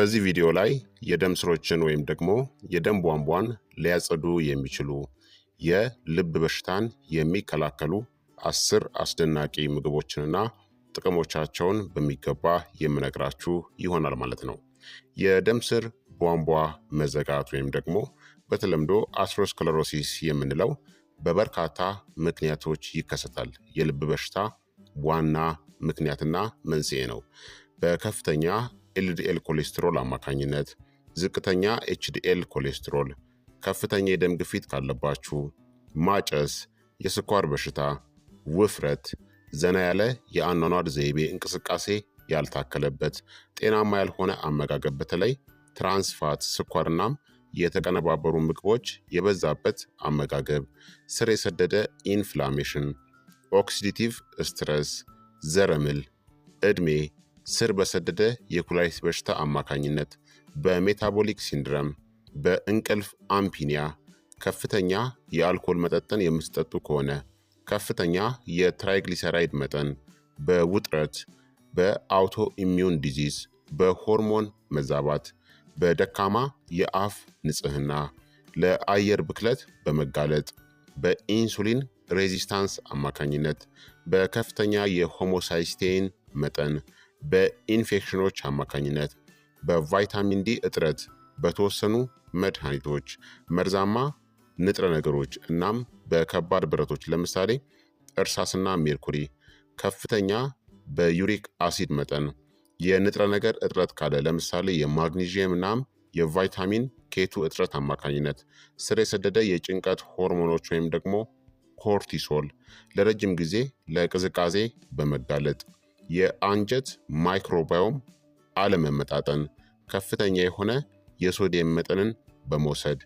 በዚህ ቪዲዮ ላይ የደም ስሮችን ወይም ደግሞ የደም ቧንቧን ሊያጸዱ የሚችሉ የልብ በሽታን የሚከላከሉ አስር አስደናቂ ምግቦችንና ጥቅሞቻቸውን በሚገባ የምነግራችሁ ይሆናል ማለት ነው። የደም ስር ቧንቧ መዘጋት ወይም ደግሞ በተለምዶ አስሮስክለሮሲስ የምንለው በበርካታ ምክንያቶች ይከሰታል። የልብ በሽታ ዋና ምክንያትና መንስኤ ነው። በከፍተኛ ኤልዲኤል ኮሌስትሮል አማካኝነት ዝቅተኛ ኤችዲኤል ኮሌስትሮል፣ ከፍተኛ የደም ግፊት ካለባችሁ፣ ማጨስ፣ የስኳር በሽታ፣ ውፍረት፣ ዘና ያለ የአኗኗር ዘይቤ፣ እንቅስቃሴ ያልታከለበት፣ ጤናማ ያልሆነ አመጋገብ፣ በተለይ ትራንስፋት፣ ስኳርናም የተቀነባበሩ ምግቦች የበዛበት አመጋገብ፣ ስር የሰደደ ኢንፍላሜሽን፣ ኦክሲዲቲቭ ስትረስ፣ ዘረምል ዕድሜ ስር በሰደደ የኩላሊት በሽታ አማካኝነት በሜታቦሊክ ሲንድረም፣ በእንቅልፍ አምፒኒያ፣ ከፍተኛ የአልኮል መጠጥን የምትጠጡ ከሆነ፣ ከፍተኛ የትራይግሊሰራይድ መጠን፣ በውጥረት፣ በአውቶ ኢሚዩን ዲዚዝ፣ በሆርሞን መዛባት፣ በደካማ የአፍ ንጽህና፣ ለአየር ብክለት በመጋለጥ፣ በኢንሱሊን ሬዚስታንስ አማካኝነት፣ በከፍተኛ የሆሞሳይስቴን መጠን በኢንፌክሽኖች አማካኝነት፣ በቫይታሚን ዲ እጥረት፣ በተወሰኑ መድኃኒቶች፣ መርዛማ ንጥረ ነገሮች እናም በከባድ ብረቶች ለምሳሌ እርሳስና ሜርኩሪ፣ ከፍተኛ በዩሪክ አሲድ መጠን፣ የንጥረ ነገር እጥረት ካለ ለምሳሌ የማግኒዥየም እናም የቫይታሚን ኬቱ እጥረት አማካኝነት፣ ስር የሰደደ የጭንቀት ሆርሞኖች ወይም ደግሞ ኮርቲሶል፣ ለረጅም ጊዜ ለቅዝቃዜ በመጋለጥ የአንጀት ማይክሮባዮም አለመመጣጠን ከፍተኛ የሆነ የሶዲየም መጠንን በመውሰድ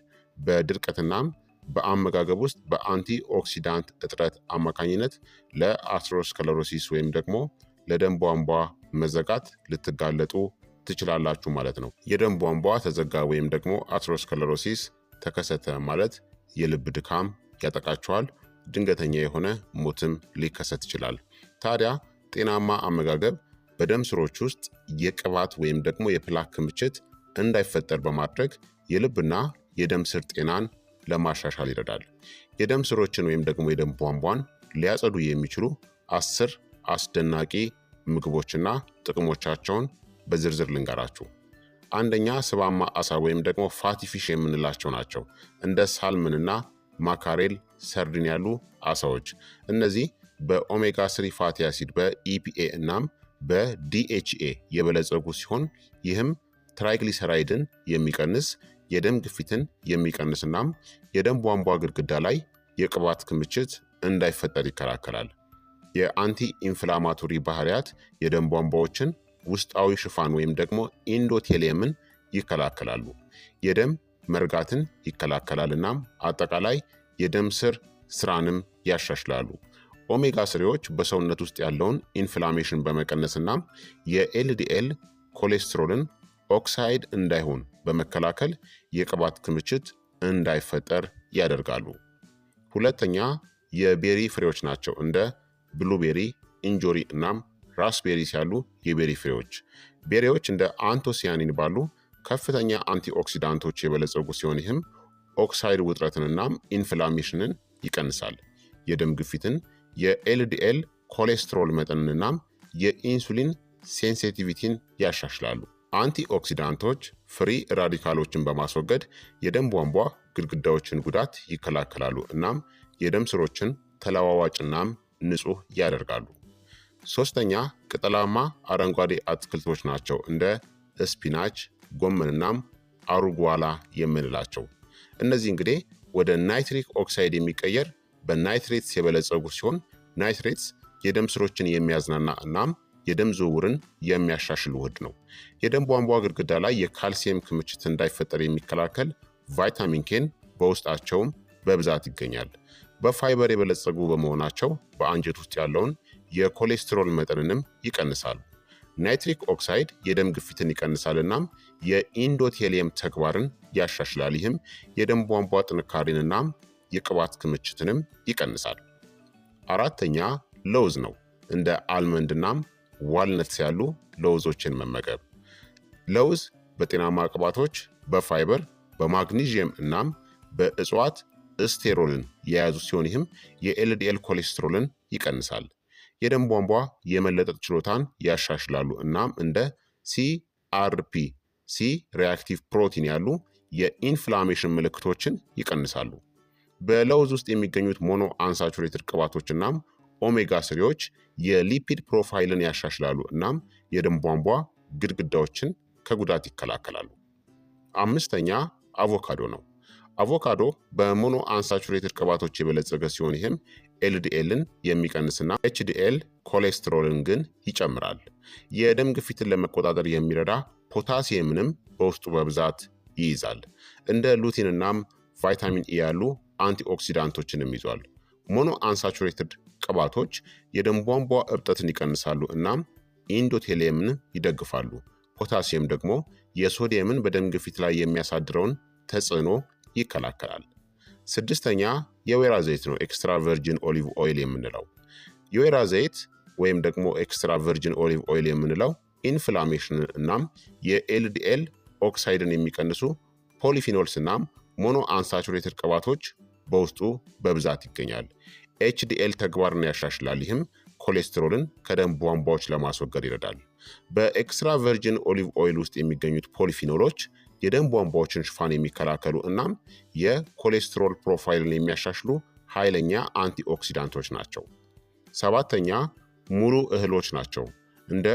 በድርቀትናም በአመጋገብ ውስጥ በአንቲ ኦክሲዳንት እጥረት አማካኝነት ለአትሮስክለሮሲስ ወይም ደግሞ ለደም ቧንቧ መዘጋት ልትጋለጡ ትችላላችሁ ማለት ነው። የደም ቧንቧ ተዘጋ ወይም ደግሞ አትሮስክለሮሲስ ተከሰተ ማለት የልብ ድካም ያጠቃችኋል። ድንገተኛ የሆነ ሞትም ሊከሰት ይችላል። ታዲያ ጤናማ አመጋገብ በደም ስሮች ውስጥ የቅባት ወይም ደግሞ የፕላክ ክምችት እንዳይፈጠር በማድረግ የልብና የደም ስር ጤናን ለማሻሻል ይረዳል። የደም ስሮችን ወይም ደግሞ የደም ቧንቧን ሊያጸዱ የሚችሉ አስር አስደናቂ ምግቦችና ጥቅሞቻቸውን በዝርዝር ልንገራችሁ። አንደኛ ስባማ አሳ ወይም ደግሞ ፋቲፊሽ የምንላቸው ናቸው። እንደ ሳልምንና ማካሬል፣ ሰርድን ያሉ አሳዎች እነዚህ በኦሜጋ 3 ፋቲ አሲድ በኢፒኤ እናም በዲኤችኤ የበለጸጉ ሲሆን ይህም ትራይግሊሰራይድን የሚቀንስ የደም ግፊትን የሚቀንስ እናም የደም ቧንቧ ግድግዳ ላይ የቅባት ክምችት እንዳይፈጠር ይከላከላል። የአንቲ ኢንፍላማቶሪ ባህሪያት የደም ቧንቧዎችን ውስጣዊ ሽፋን ወይም ደግሞ ኢንዶቴሊየምን ይከላከላሉ። የደም መርጋትን ይከላከላል እናም አጠቃላይ የደም ስር ስራንም ያሻሽላሉ። ኦሜጋ ስሪዎች በሰውነት ውስጥ ያለውን ኢንፍላሜሽን በመቀነስና የኤልዲኤል ኮሌስትሮልን ኦክሳይድ እንዳይሆን በመከላከል የቅባት ክምችት እንዳይፈጠር ያደርጋሉ። ሁለተኛ የቤሪ ፍሬዎች ናቸው። እንደ ብሉቤሪ፣ እንጆሪ እናም ራስቤሪስ ያሉ የቤሪ ፍሬዎች። ቤሪዎች እንደ አንቶሲያኒን ባሉ ከፍተኛ አንቲኦክሲዳንቶች የበለጸጉ ሲሆን ይህም ኦክሳይድ ውጥረትንናም ኢንፍላሜሽንን ይቀንሳል፣ የደም ግፊትን የኤልዲኤል ኮሌስትሮል መጠንንናም የኢንሱሊን ሴንሲቲቪቲን ያሻሽላሉ። አንቲ ኦክሲዳንቶች ፍሪ ራዲካሎችን በማስወገድ የደም ቧንቧ ግድግዳዎችን ጉዳት ይከላከላሉ እናም የደም ስሮችን ተለዋዋጭናም ንጹህ ያደርጋሉ። ሶስተኛ ቅጠላማ አረንጓዴ አትክልቶች ናቸው እንደ ስፒናች፣ ጎመንናም አሩጓላ የምንላቸው እነዚህ እንግዲህ ወደ ናይትሪክ ኦክሳይድ የሚቀየር በናይትሬትስ የበለጸጉ ሲሆን ናይትሬትስ የደም ስሮችን የሚያዝናና እናም የደም ዝውውርን የሚያሻሽል ውህድ ነው። የደም ቧንቧ ግድግዳ ላይ የካልሲየም ክምችት እንዳይፈጠር የሚከላከል ቫይታሚን ኬን በውስጣቸውም በብዛት ይገኛል። በፋይበር የበለጸጉ በመሆናቸው በአንጀት ውስጥ ያለውን የኮሌስትሮል መጠንንም ይቀንሳሉ። ናይትሪክ ኦክሳይድ የደም ግፊትን ይቀንሳል እናም የኢንዶቴሊየም ተግባርን ያሻሽላል። ይህም የደም ቧንቧ ጥንካሬን እናም የቅባት ክምችትንም ይቀንሳል። አራተኛ ለውዝ ነው። እንደ አልመንድናም ዋልነትስ ያሉ ለውዞችን መመገብ። ለውዝ በጤናማ ቅባቶች፣ በፋይበር፣ በማግኒዥየም እናም በእጽዋት ስቴሮልን የያዙ ሲሆን ይህም የኤልዲኤል ኮሌስትሮልን ይቀንሳል። የደም ቧንቧ የመለጠጥ ችሎታን ያሻሽላሉ እናም እንደ ሲአርፒ ሲ ሪያክቲቭ ፕሮቲን ያሉ የኢንፍላሜሽን ምልክቶችን ይቀንሳሉ። በለውዝ ውስጥ የሚገኙት ሞኖ አንሳቹሬትድ ቅባቶች እናም ኦሜጋ ስሪዎች የሊፒድ ፕሮፋይልን ያሻሽላሉ እናም የደም ቧንቧ ግድግዳዎችን ከጉዳት ይከላከላሉ። አምስተኛ አቮካዶ ነው። አቮካዶ በሞኖ አንሳቹሬትድ ቅባቶች የበለጸገ ሲሆን ይህም ኤልዲኤልን የሚቀንስና ኤችዲኤል ኮሌስትሮልን ግን ይጨምራል። የደም ግፊትን ለመቆጣጠር የሚረዳ ፖታሲየምንም በውስጡ በብዛት ይይዛል። እንደ ሉቲንናም ቫይታሚን ኢ ያሉ አንቲኦክሲዳንቶችንም ይዟል። ሞኖ አንሳቹሬትድ ቅባቶች የደም ቧንቧ እብጠትን ይቀንሳሉ እናም ኢንዶቴሌምን ይደግፋሉ። ፖታሲየም ደግሞ የሶዲየምን በደም ግፊት ላይ የሚያሳድረውን ተጽዕኖ ይከላከላል። ስድስተኛ የወይራ ዘይት ነው፣ ኤክስትራ ቨርጂን ኦሊቭ ኦይል የምንለው የወይራ ዘይት ወይም ደግሞ ኤክስትራ ቨርጂን ኦሊቭ ኦይል የምንለው ኢንፍላሜሽን እናም የኤልዲኤል ኦክሳይድን የሚቀንሱ ፖሊፊኖልስ እናም ሞኖ አንሳቹሬትድ ቅባቶች በውስጡ በብዛት ይገኛል። ኤችዲኤል ተግባርን ያሻሽላል። ይህም ኮሌስትሮልን ከደም ቧንቧዎች ለማስወገድ ይረዳል። በኤክስትራ ቨርጂን ኦሊቭ ኦይል ውስጥ የሚገኙት ፖሊፊኖሎች የደም ቧንቧዎችን ሽፋን የሚከላከሉ እናም የኮሌስትሮል ፕሮፋይልን የሚያሻሽሉ ኃይለኛ አንቲኦክሲዳንቶች ናቸው። ሰባተኛ ሙሉ እህሎች ናቸው። እንደ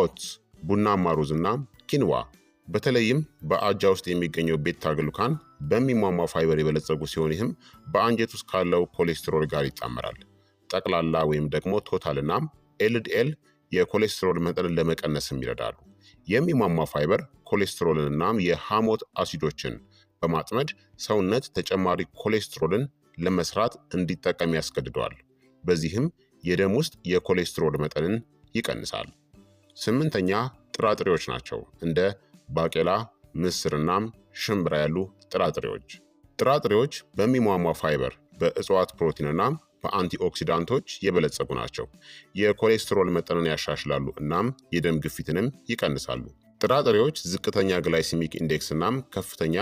ኦትስ፣ ቡናማ ሩዝ እናም ኪንዋ በተለይም በአጃ ውስጥ የሚገኘው ቤታ ግሉካን በሚሟሟ ፋይበር የበለጸጉ ሲሆን ይህም በአንጀት ውስጥ ካለው ኮሌስትሮል ጋር ይጣመራል። ጠቅላላ ወይም ደግሞ ቶታል እናም ኤልዲኤል የኮሌስትሮል መጠንን ለመቀነስም ይረዳሉ። የሚሟሟ ፋይበር ኮሌስትሮልን እናም አሲዶችን በማጥመድ ሰውነት ተጨማሪ ኮሌስትሮልን ለመስራት እንዲጠቀም ያስገድደዋል። በዚህም የደም ውስጥ የኮሌስትሮል መጠንን ይቀንሳል። ስምንተኛ ጥራጥሬዎች ናቸው እንደ ባቄላ፣ ምስርና ሽምብራ ያሉ ጥራጥሬዎች። ጥራጥሬዎች በሚሟሟ ፋይበር፣ በእጽዋት ፕሮቲንና በአንቲኦክሲዳንቶች የበለጸጉ ናቸው። የኮሌስትሮል መጠንን ያሻሽላሉ እናም የደም ግፊትንም ይቀንሳሉ። ጥራጥሬዎች ዝቅተኛ ግላይሲሚክ ኢንዴክስ እናም ከፍተኛ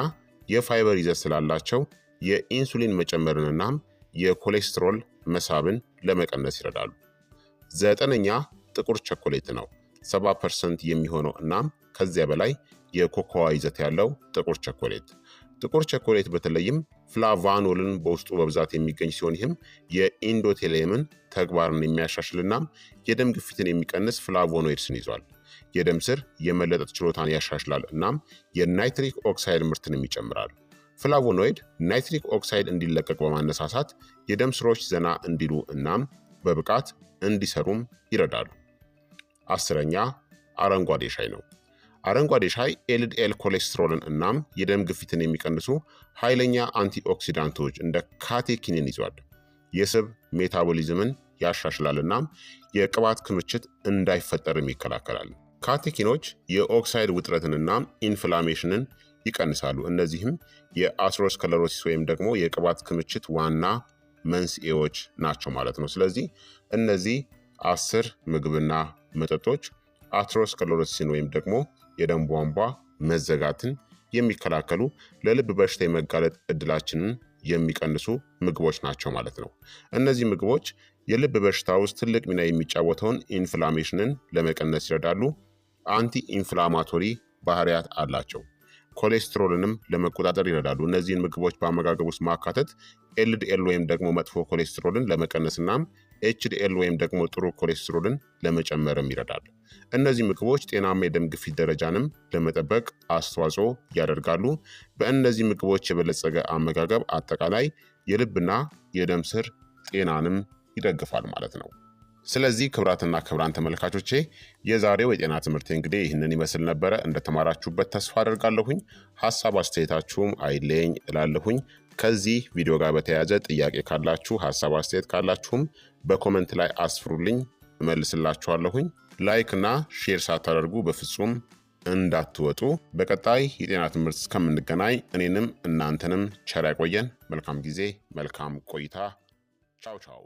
የፋይበር ይዘት ስላላቸው የኢንሱሊን መጨመርን እናም የኮሌስትሮል መሳብን ለመቀነስ ይረዳሉ። ዘጠነኛ ጥቁር ቸኮሌት ነው። 70 ፐርሰንት የሚሆነው እናም ከዚያ በላይ የኮኮዋ ይዘት ያለው ጥቁር ቸኮሌት። ጥቁር ቸኮሌት በተለይም ፍላቫኖልን በውስጡ በብዛት የሚገኝ ሲሆን ይህም የኢንዶቴሌምን ተግባርን የሚያሻሽልናም የደም ግፊትን የሚቀንስ ፍላቮኖይድስን ይዟል። የደም ስር የመለጠጥ ችሎታን ያሻሽላል እናም የናይትሪክ ኦክሳይድ ምርትንም ይጨምራል። ፍላቮኖይድ ናይትሪክ ኦክሳይድ እንዲለቀቅ በማነሳሳት የደም ስሮች ዘና እንዲሉ እናም በብቃት እንዲሰሩም ይረዳሉ። አስረኛ አረንጓዴ ሻይ ነው። አረንጓዴ ሻይ ኤልዲኤል ኮሌስትሮልን እናም የደም ግፊትን የሚቀንሱ ኃይለኛ አንቲኦክሲዳንቶች እንደ ካቴኪንን ይዟል። የስብ ሜታቦሊዝምን ያሻሽላል እናም የቅባት ክምችት እንዳይፈጠርም ይከላከላል። ካቴኪኖች የኦክሳይድ ውጥረትን እናም ኢንፍላሜሽንን ይቀንሳሉ። እነዚህም የአስሮስከለሮሲስ ወይም ደግሞ የቅባት ክምችት ዋና መንስኤዎች ናቸው ማለት ነው። ስለዚህ እነዚህ አስር ምግብና መጠጦች አትሮስክለሮሲስን ወይም ደግሞ የደም ቧንቧ መዘጋትን የሚከላከሉ ለልብ በሽታ የመጋለጥ እድላችንን የሚቀንሱ ምግቦች ናቸው ማለት ነው። እነዚህ ምግቦች የልብ በሽታ ውስጥ ትልቅ ሚና የሚጫወተውን ኢንፍላሜሽንን ለመቀነስ ይረዳሉ። አንቲ ኢንፍላማቶሪ ባህሪያት አላቸው። ኮሌስትሮልንም ለመቆጣጠር ይረዳሉ። እነዚህን ምግቦች በአመጋገብ ውስጥ ማካተት ኤልዲኤል ወይም ደግሞ መጥፎ ኮሌስትሮልን ለመቀነስ እናም ኤችዲኤል ወይም ደግሞ ጥሩ ኮሌስትሮልን ለመጨመርም ይረዳል። እነዚህ ምግቦች ጤናማ የደም ግፊት ደረጃንም ለመጠበቅ አስተዋጽኦ ያደርጋሉ። በእነዚህ ምግቦች የበለጸገ አመጋገብ አጠቃላይ የልብና የደም ስር ጤናንም ይደግፋል ማለት ነው። ስለዚህ ክብራትና ክብራን ተመልካቾቼ የዛሬው የጤና ትምህርት እንግዲህ ይህንን ይመስል ነበረ። እንደተማራችሁበት ተስፋ አደርጋለሁኝ። ሀሳብ አስተያየታችሁም አይለየኝ እላለሁኝ። ከዚህ ቪዲዮ ጋር በተያያዘ ጥያቄ ካላችሁ፣ ሀሳብ አስተያየት ካላችሁም በኮመንት ላይ አስፍሩልኝ፣ እመልስላችኋለሁኝ። ላይክ እና ሼር ሳታደርጉ በፍጹም እንዳትወጡ። በቀጣይ የጤና ትምህርት እስከምንገናኝ እኔንም እናንተንም ቸር ያቆየን። መልካም ጊዜ፣ መልካም ቆይታ። ቻው ቻው።